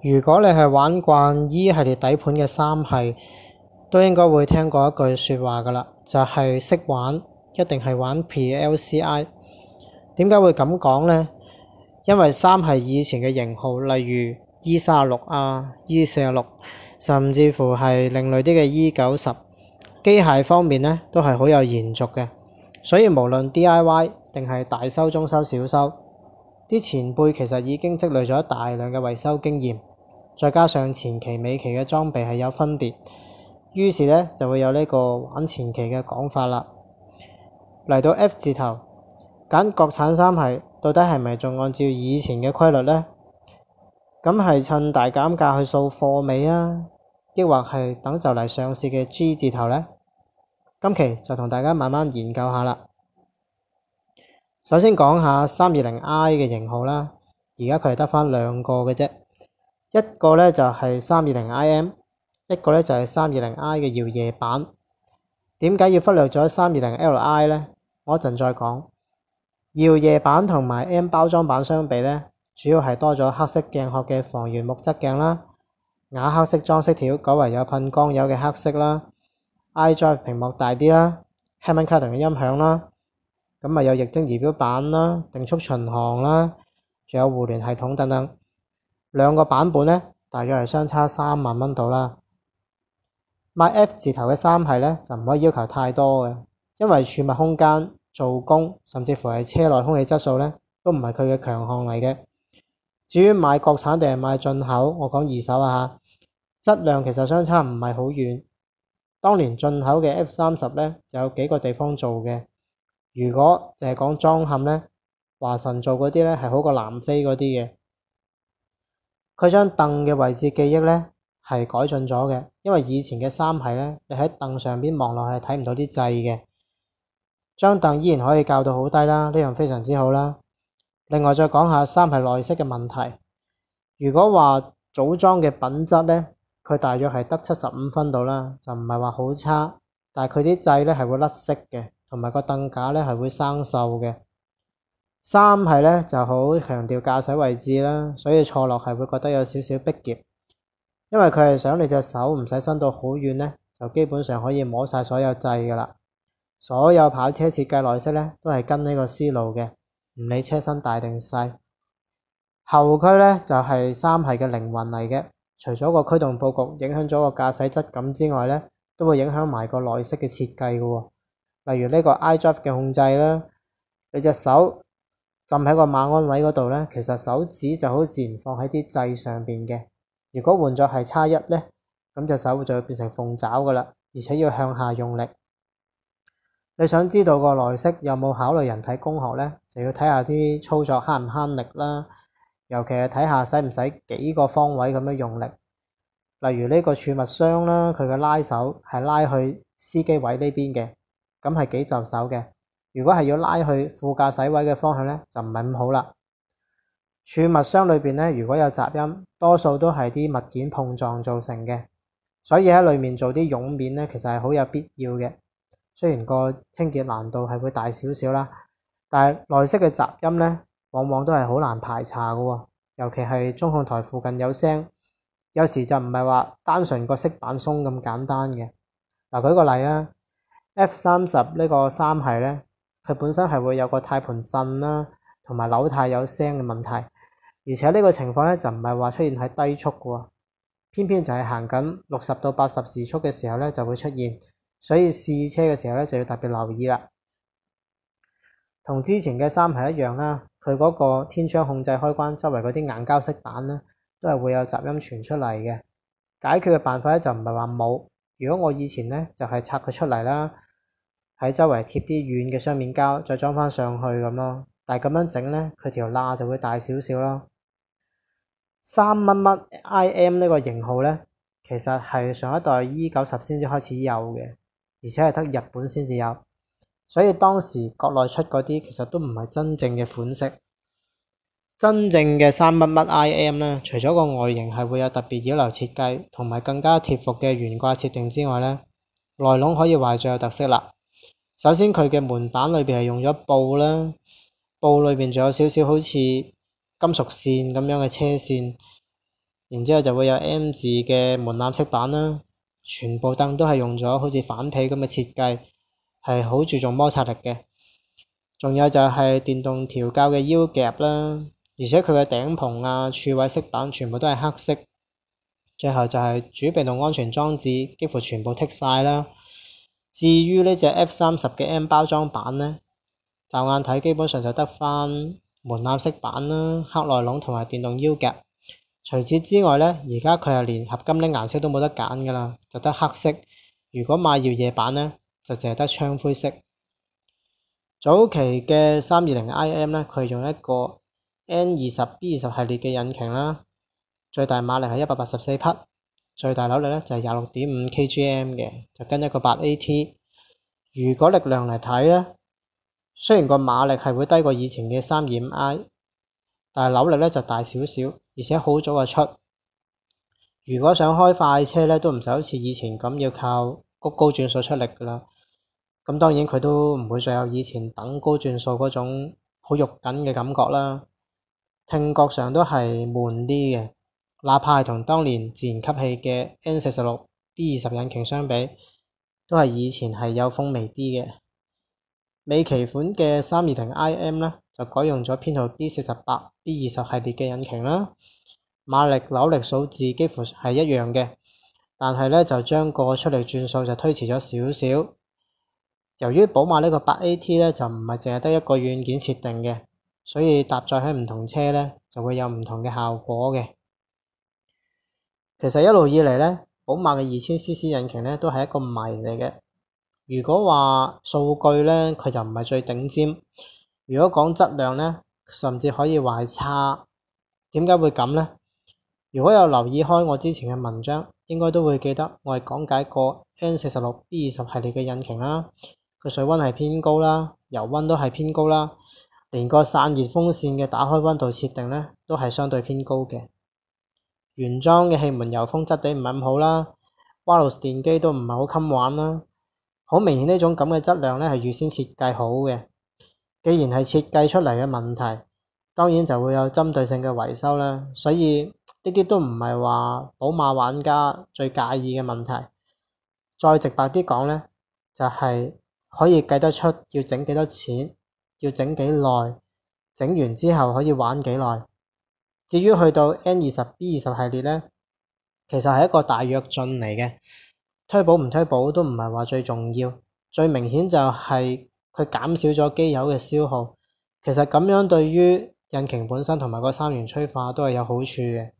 如果你係玩慣 E 系列底盤嘅三系，都應該會聽過一句説話㗎啦，就係、是、識玩一定係玩 PLCI。點解會咁講呢？因為三系以前嘅型號，例如 E 三十六啊、E 四十六，甚至乎係另類啲嘅 E 九十。機械方面呢，都係好有延續嘅，所以無論 DIY 定係大修、中修、小修，啲前輩其實已經積累咗大量嘅維修經驗。再加上前期、尾期嘅裝備係有分別，於是呢就會有呢個玩前期嘅講法啦。嚟到 F 字頭揀國產三系，到底係咪仲按照以前嘅規律呢？咁係趁大減價去掃貨尾啊，抑或係等就嚟上市嘅 G 字頭呢？今期就同大家慢慢研究下啦。首先講下三二零 I 嘅型號啦，而家佢係得返兩個嘅啫。一個呢就係三二零 i m，一個呢就係三二零 i 嘅搖夜版。點解要忽略咗三二零 l i 呢？我一陣再講。搖夜版同埋 m 包裝版相比呢，主要係多咗黑色鏡殼嘅防眩目側鏡啦，啞黑色裝飾條改為有噴光油嘅黑色啦，i drive 屏幕大啲啦，Harman Kardon 嘅音響啦，咁咪有液晶儀表板啦，定速巡航啦，仲有互聯系統等等。兩個版本呢，大約係相差三萬蚊到啦。買 F 字頭嘅三系呢，就唔可以要求太多嘅，因為儲物空間、做工，甚至乎係車內空氣質素呢，都唔係佢嘅強項嚟嘅。至於買國產定係買進口，我講二手啊吓，質量其實相差唔係好遠。當年進口嘅 F 三十呢，就有幾個地方做嘅。如果淨係講裝嵌呢，華晨做嗰啲呢，係好過南非嗰啲嘅。佢將凳嘅位置記憶呢係改進咗嘅，因為以前嘅三系呢，你喺凳上邊望落去睇唔到啲掣嘅。張凳依然可以校到好低啦，呢樣非常之好啦。另外再講下三系內飾嘅問題。如果話組裝嘅品質呢，佢大約係得七十五分度啦，就唔係話好差。但係佢啲掣呢係會甩色嘅，同埋個凳架呢係會生鏽嘅。三系呢就好強調駕駛位置啦，所以坐落係會覺得有少少逼仄，因為佢係想你隻手唔使伸到好遠呢，就基本上可以摸晒所有掣噶啦。所有跑車設計內飾呢都係跟呢個思路嘅，唔理車身大定細。後驅呢就係三系嘅靈魂嚟嘅，除咗個驅動布局影響咗個駕駛質感之外呢，都會影響埋個內飾嘅設計噶。例如呢個 iDrive 嘅控制啦，你隻手。浸喺個馬鞍位嗰度呢，其實手指就好自然放喺啲掣上邊嘅。如果換作係叉一呢，咁隻手就會變成鳳爪噶啦，而且要向下用力。你想知道個內飾有冇考慮人體工學呢，就要睇下啲操作慳唔慳力啦，尤其係睇下使唔使幾個方位咁樣用力。例如呢個儲物箱啦，佢嘅拉手係拉去司機位呢邊嘅，咁係幾就手嘅。如果係要拉去副駕駛位嘅方向呢，就唔係咁好啦。儲物箱裏邊呢，如果有雜音，多數都係啲物件碰撞造成嘅，所以喺裏面做啲絨面呢，其實係好有必要嘅。雖然個清潔難度係會大少少啦，但係內飾嘅雜音呢，往往都係好難排查嘅，尤其係中控台附近有聲，有時就唔係話單純個色板鬆咁簡單嘅。嗱、呃，舉個例啊，F 三十呢個三系呢。佢本身係會有個軚盤震啦，同埋扭軚有聲嘅問題，而且呢個情況咧就唔係話出現喺低速嘅喎，偏偏就係行緊六十到八十時速嘅時候咧就會出現，所以試車嘅時候咧就要特別留意啦。同之前嘅三系一樣啦，佢嗰個天窗控制開關周圍嗰啲硬膠飾板咧，都係會有雜音傳出嚟嘅。解決嘅辦法咧就唔係話冇，如果我以前咧就係拆佢出嚟啦。喺周圍貼啲軟嘅雙面膠，再裝翻上去咁咯。但係咁樣整呢，佢條罅就會大少少咯。三乜乜 i m 呢個型號呢，其實係上一代 E 九十先至開始有嘅，而且係得日本先至有。所以當時國內出嗰啲其實都唔係真正嘅款式。真正嘅三乜乜 i m 呢，除咗個外形係會有特別擾流設計，同埋更加貼服嘅懸掛設定之外呢，內籠可以話係最有特色啦。首先佢嘅門板裏邊係用咗布啦，布裏邊仲有少少好似金屬線咁樣嘅車線，然之後就會有 M 字嘅門檻色板啦。全部凳都係用咗好似反皮咁嘅設計，係好注重摩擦力嘅。仲有就係電動調校嘅腰夾啦，而且佢嘅頂棚啊、儲位色板全部都係黑色。最後就係主被動安全裝置，幾乎全部剔晒啦。至於呢隻 F 三十嘅 M 包裝版咧，就眼睇基本上就得翻門檻式板啦、黑內籠同埋電動腰夾。除此之外咧，而家佢係連合金啲顏色都冇得揀噶啦，就得黑色。如果買耀夜版咧，就淨係得槍灰色。早期嘅三二零 IM 咧，佢用一個 N 二十 B 二十系列嘅引擎啦，最大馬力係一百八十四匹。最大扭力咧就係廿六點五 KgM 嘅，就跟一個八 AT。如果力量嚟睇呢，雖然個馬力係會低過以前嘅三二五 i，但係扭力咧就大少少，而且好早就出。如果想開快車呢，都唔使好似以前咁要靠谷高轉數出力噶啦。咁當然佢都唔會再有以前等高轉數嗰種好肉緊嘅感覺啦，聽覺上都係悶啲嘅。哪怕係同當年自然吸氣嘅 N 四十六 B 二十引擎相比，都係以前係有風味啲嘅。尾期款嘅三二零 I M 呢，就改用咗編號 B 四十八 B 二十系列嘅引擎啦，馬力扭力數字幾乎係一樣嘅，但係呢就將個出嚟轉數就推遲咗少少。由於寶馬呢個八 A T 呢就唔係淨係得一個軟件設定嘅，所以搭載喺唔同車呢就會有唔同嘅效果嘅。其實一路以嚟咧，寶馬嘅二千 cc 引擎咧都係一個謎嚟嘅。如果話數據咧，佢就唔係最頂尖；如果講質量咧，甚至可以話係差。點解會咁咧？如果有留意開我之前嘅文章，應該都會記得我係講解過 N 四十六 B 二十系列嘅引擎啦。個水溫係偏高啦，油溫都係偏高啦，連個散熱風扇嘅打開溫度設定咧都係相對偏高嘅。原裝嘅氣門油封質地唔係咁好啦，Valve 電機都唔係好襟玩啦，好明顯呢種咁嘅質量呢係預先設計好嘅。既然係設計出嚟嘅問題，當然就會有針對性嘅維修啦。所以呢啲都唔係話寶馬玩家最介意嘅問題。再直白啲講呢，就係、是、可以計得出要整幾多錢，要整幾耐，整完之後可以玩幾耐。至於去到 N20B20 系列呢，其實係一個大躍進嚟嘅，推保唔推保都唔係話最重要。最明顯就係佢減少咗機油嘅消耗，其實咁樣對於引擎本身同埋個三元催化都係有好處嘅。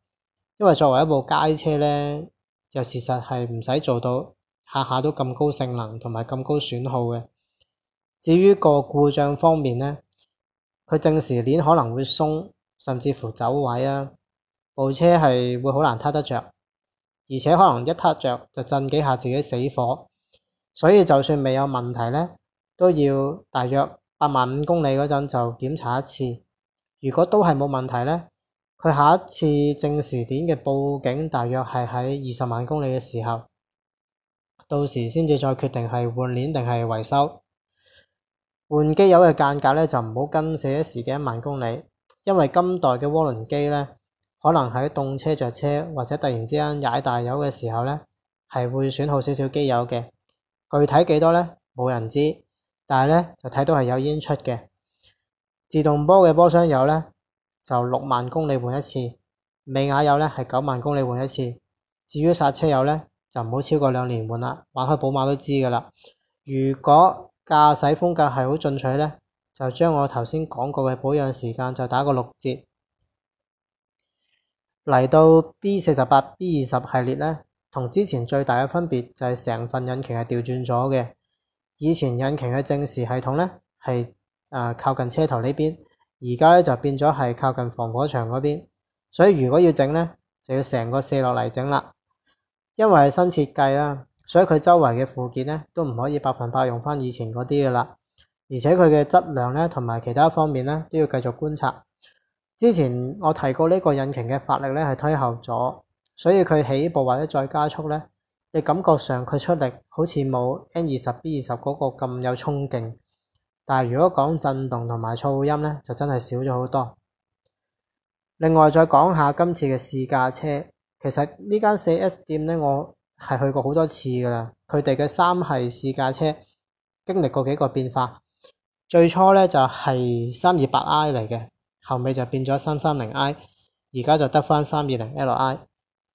因為作為一部街車呢，又事實係唔使做到下下都咁高性能同埋咁高損耗嘅。至於個故障方面呢，佢正時鏈可能會鬆。甚至乎走位啊，部車係會好難撻得着，而且可能一撻着就震幾下自己死火，所以就算未有問題呢，都要大約八萬五公里嗰陣就檢查一次。如果都係冇問題呢，佢下一次正時點嘅報警大約係喺二十萬公里嘅時候，到時先至再決定係換鏈定係維修。換機油嘅間隔呢，就唔好跟寫時嘅一萬公里。因為今代嘅渦輪機呢，可能喺凍車着車或者突然之間踩大油嘅時候呢，係會損耗少少機油嘅。具體幾多呢？冇人知，但係呢就睇到係有煙出嘅。自動波嘅波箱油呢，就六萬公里換一次，尾牙油呢，係九萬公里換一次。至於煞車油呢，就唔好超過兩年換啦。玩開寶馬都知㗎啦。如果駕駛風格係好進取呢，就將我頭先講過嘅保養時間就打個六折。嚟到 B 四十八 B 二十系列呢，同之前最大嘅分別就係成份引擎係調轉咗嘅。以前引擎嘅正時系統呢，係啊、呃、靠近車頭呢邊，而家呢就變咗係靠近防火牆嗰邊。所以如果要整呢，就要成個卸落嚟整啦。因為係新設計呀，所以佢周圍嘅附件呢都唔可以百分百用翻以前嗰啲噶啦。而且佢嘅質量咧，同埋其他方面咧，都要繼續觀察。之前我提過呢個引擎嘅發力咧係推後咗，所以佢起步或者再加速咧，你感覺上佢出力好似冇 N 二十 B 二十嗰個咁有衝勁。但係如果講震動同埋噪音呢就真係少咗好多。另外再講下今次嘅試駕車，其實呢間四 S 店呢我係去過好多次㗎喇。佢哋嘅三系試駕車經歷過幾個變化。最初呢就係三二八 I 嚟嘅。後尾就變咗三三零 I，而家就得翻三二零 L I，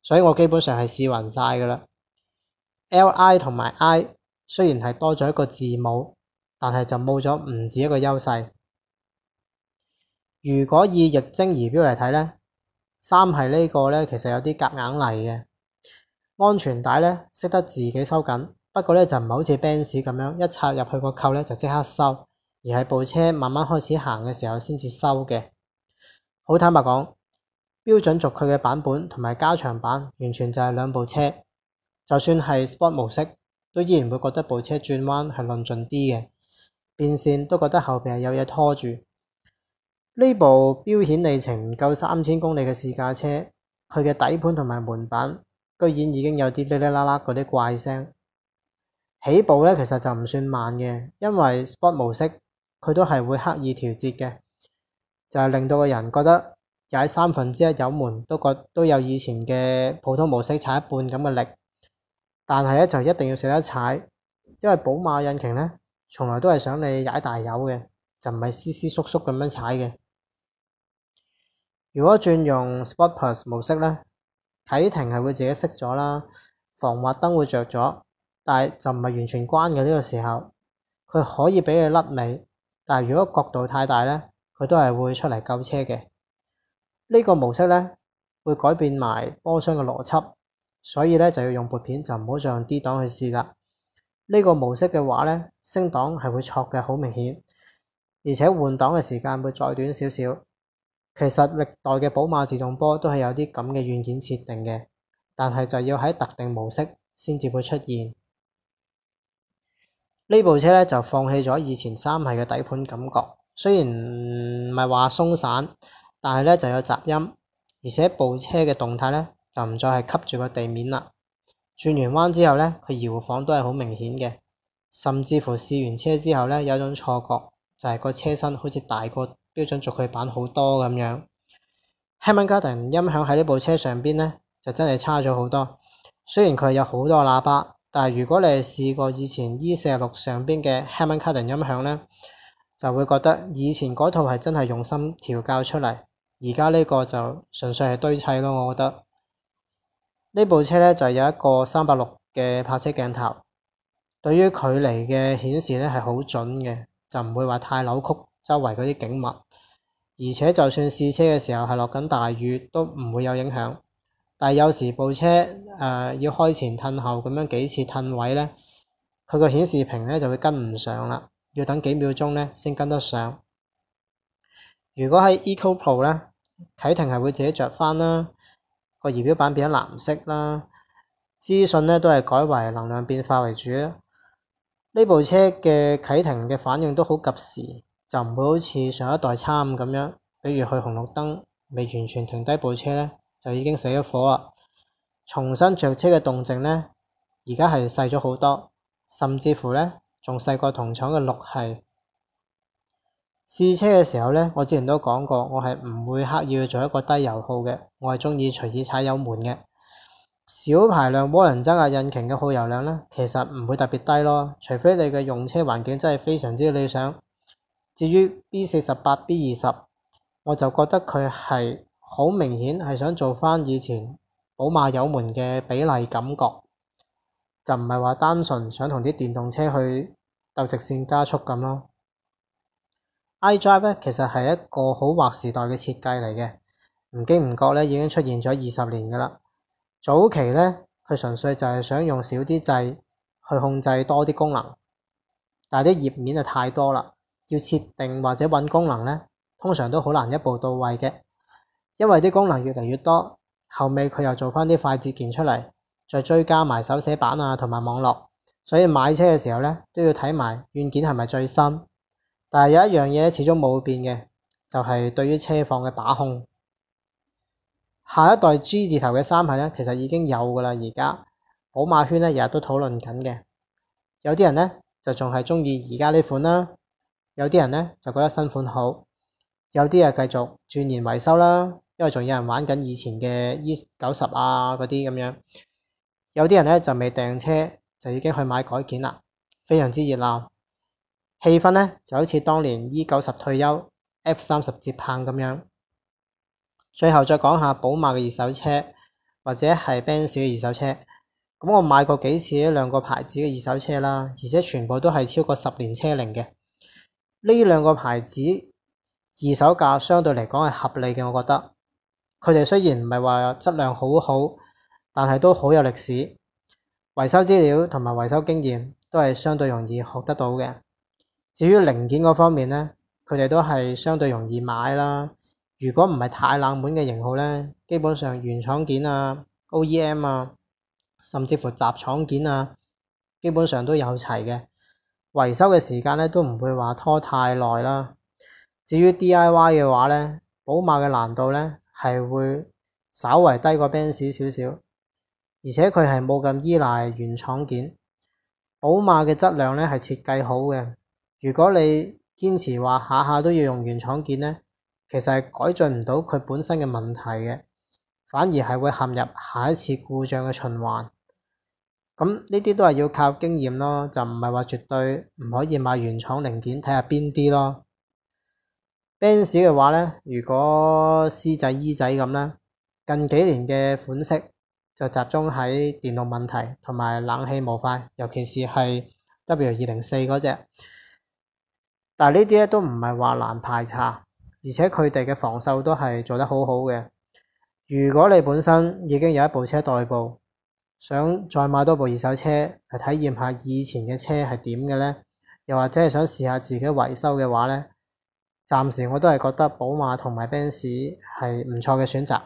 所以我基本上係試匀晒噶啦。L I 同埋 I 雖然係多咗一個字母，但係就冇咗唔止一個優勢。如果以液晶儀表嚟睇呢，三系呢個呢其實有啲夾硬嚟嘅。安全帶呢識得自己收緊，不過呢就唔係好似 Benz 咁樣一插入去個扣呢就即刻收。而係部車慢慢開始行嘅時候先至收嘅。好坦白講，標準軸距嘅版本同埋加長版完全就係兩部車。就算係 Sport 模式，都依然會覺得部車轉彎係論盡啲嘅，變線都覺得後邊係有嘢拖住。呢部標顯里程唔夠三千公里嘅試駕車，佢嘅底盤同埋門板居然已經有啲哩哩啦啦嗰啲怪聲。起步呢，其實就唔算慢嘅，因為 Sport 模式。佢都係會刻意調節嘅，就係令到個人覺得踩三分之一油門都覺都有以前嘅普通模式踩一半咁嘅力，但係呢，就一定要捨得踩，因為寶馬引擎呢，從來都係想你踩大油嘅，就唔係斯斯縮縮咁樣踩嘅。如果轉用 Sport Plus 模式呢，啟停係會自己熄咗啦，防滑燈會着咗，但係就唔係完全關嘅。呢個時候，佢可以俾你甩尾。但係如果角度太大呢，佢都係會出嚟救車嘅。呢個模式呢，會改變埋波箱嘅邏輯，所以呢，就要用撥片就唔好再用 D 檔去試喇。呢個模式嘅話呢，升檔係會錯嘅，好明顯，而且換檔嘅時間會再短少少。其實歷代嘅寶馬自動波都係有啲咁嘅軟件設定嘅，但係就要喺特定模式先至會出現。呢部車呢，就放棄咗以前三系嘅底盤感覺，雖然唔係話鬆散，但係呢就有雜音，而且部車嘅動態呢，就唔再係吸住個地面啦。轉完彎之後呢，佢搖晃都係好明顯嘅，甚至乎試完車之後呢，有種錯覺，就係、是、個車身好似大過標準軸距版好多咁樣。 Harman Kardon 音響喺呢部車上邊呢，就真係差咗好多，雖然佢有好多喇叭。但係如果你係試過以前 E 四十六上邊嘅 Harman Kardon 音響呢，就會覺得以前嗰套係真係用心調教出嚟，而家呢個就純粹係堆砌咯。我覺得呢部車呢，就有一個三百六嘅泊車鏡頭，對於距離嘅顯示呢係好準嘅，就唔會話太扭曲周圍嗰啲景物，而且就算試車嘅時候係落緊大雨，都唔會有影響。但係有時部車誒、呃、要開前褪後咁樣幾次褪位呢，佢個顯示屏呢就會跟唔上啦，要等幾秒鐘呢先跟得上。如果喺 Eco Pro 呢，啟停係會自己着返啦，個儀表板變咗藍色啦，資訊呢都係改為能量變化為主。呢部車嘅啟停嘅反應都好及時，就唔會好似上一代叉五咁樣，比如去紅綠燈未完全停低部車呢，就已經死咗火啦。重新着車嘅動靜呢，而家係細咗好多，甚至乎呢，仲細過同廠嘅六系。試車嘅時候呢，我之前都講過，我係唔會刻意去做一個低油耗嘅，我係中意隨意踩油門嘅。小排量渦輪增壓引擎嘅耗油量呢，其實唔會特別低咯，除非你嘅用車環境真係非常之理想。至於 B 四十八、B 二十，我就覺得佢係。好明顯係想做翻以前寶馬油門嘅比例感覺，就唔係話單純想同啲電動車去鬥直線加速咁咯。iDrive 呢其實係一個好劃時代嘅設計嚟嘅，唔經唔覺呢已經出現咗二十年㗎啦。早期呢，佢純粹就係想用少啲掣去控制多啲功能，但係啲頁面就太多啦，要設定或者揾功能呢，通常都好難一步到位嘅。因為啲功能越嚟越多，後尾佢又做翻啲快捷鍵出嚟，再追加埋手寫板啊，同埋網絡，所以買車嘅時候呢，都要睇埋軟件係咪最新。但係有一樣嘢始終冇變嘅，就係、是、對於車況嘅把控。下一代 G 字頭嘅三系呢，其實已經有噶啦，而家寶馬圈呢，日日都討論緊嘅。有啲人呢，就仲係鍾意而家呢款啦，有啲人呢，就覺得新款好，有啲啊繼續鑽研維修啦。因為仲有人玩緊以前嘅 E 九十啊嗰啲咁樣，有啲人呢就未訂車，就已經去買改件啦，非常之熱鬧。氣氛呢就好似當年 E 九十退休，F 三十接棒咁樣。最後再講下寶馬嘅二手車或者係 Benz 嘅二手車。咁我買過幾次呢兩個牌子嘅二手車啦，而且全部都係超過十年車齡嘅。呢兩個牌子二手價相對嚟講係合理嘅，我覺得。佢哋雖然唔係話質量好好，但係都好有歷史，維修資料同埋維修經驗都係相對容易學得到嘅。至於零件嗰方面呢，佢哋都係相對容易買啦。如果唔係太冷門嘅型號呢，基本上原廠件啊、OEM 啊，甚至乎雜廠件啊，基本上都有齊嘅。維修嘅時間呢，都唔會話拖太耐啦。至於 DIY 嘅話呢，寶馬嘅難度呢，係會稍為低過 Benz 少少，而且佢係冇咁依賴原廠件。寶馬嘅質量咧係設計好嘅。如果你堅持話下下都要用原廠件呢，其實係改進唔到佢本身嘅問題嘅，反而係會陷入下一次故障嘅循環。咁呢啲都係要靠經驗咯，就唔係話絕對唔可以買原廠零件，睇下邊啲咯。Benz 嘅話咧，如果 C 仔 E 仔咁咧，近幾年嘅款式就集中喺電腦問題同埋冷氣模塊，尤其是係 W 二零四嗰隻。但係呢啲咧都唔係話難排查，而且佢哋嘅防鏽都係做得好好嘅。如果你本身已經有一部車代步，想再買多部二手車嚟體驗下以前嘅車係點嘅咧，又或者係想試下自己維修嘅話咧。暫時我都係覺得寶馬同埋奔馳係唔錯嘅選擇。